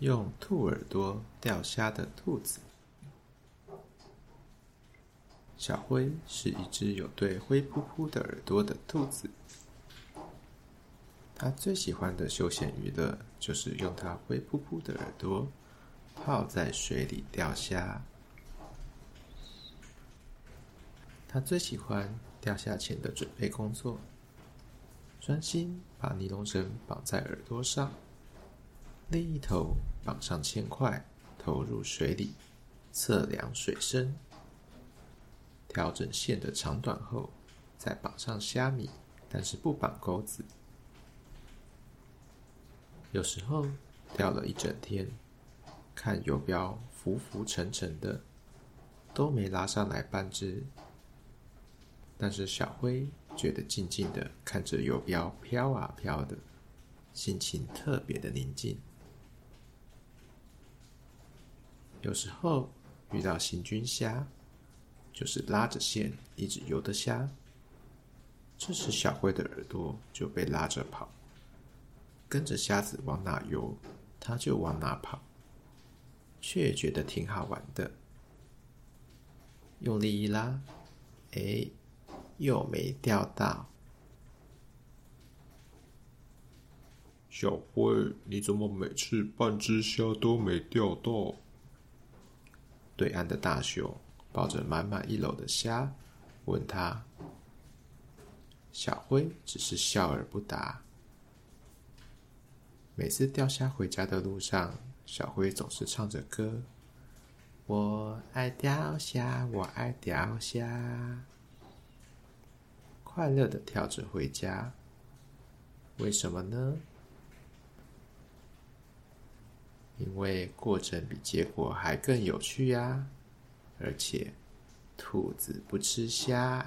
用兔耳朵釣蝦的兔子。小灰是一隻有對灰撲撲的耳朵的兔子，它最喜歡的休閒娛樂就是用它灰撲撲的耳朵泡在水裡釣蝦。他最喜歡釣蝦前的準備工作：專心把尼龍繩綁在耳朵上，另一頭綁上鉛塊，投入水裡，測量水深。調整線的長短後，再綁上蝦米，但是不綁鈎子。有時候釣了一整天，看油標浮浮沉沉的，都沒拉上來半隻。但是小灰覺得靜靜的看着油標飄啊飄的，心情特別的寧靜。有時候遇到行軍蝦，就是拉着線一直游的蝦，這時小灰的耳朵就被拉着跑，跟着蝦子往哪游，它就往哪跑，卻覺得挺好玩的。用力一拉，哎、欸！又沒釣到，小灰，你怎麼每次半隻蝦都沒釣到？對岸的大雄抱着滿滿一簍的蝦，問他。小灰只是笑而不答。每次釣蝦回家的路上，小灰總是唱着歌我釣蝦：“我愛釣蝦，我愛釣蝦。”快樂的跳着回家，為什麼呢？因為過程比結果還更有趣呀、啊！而且，兔子不吃蝦。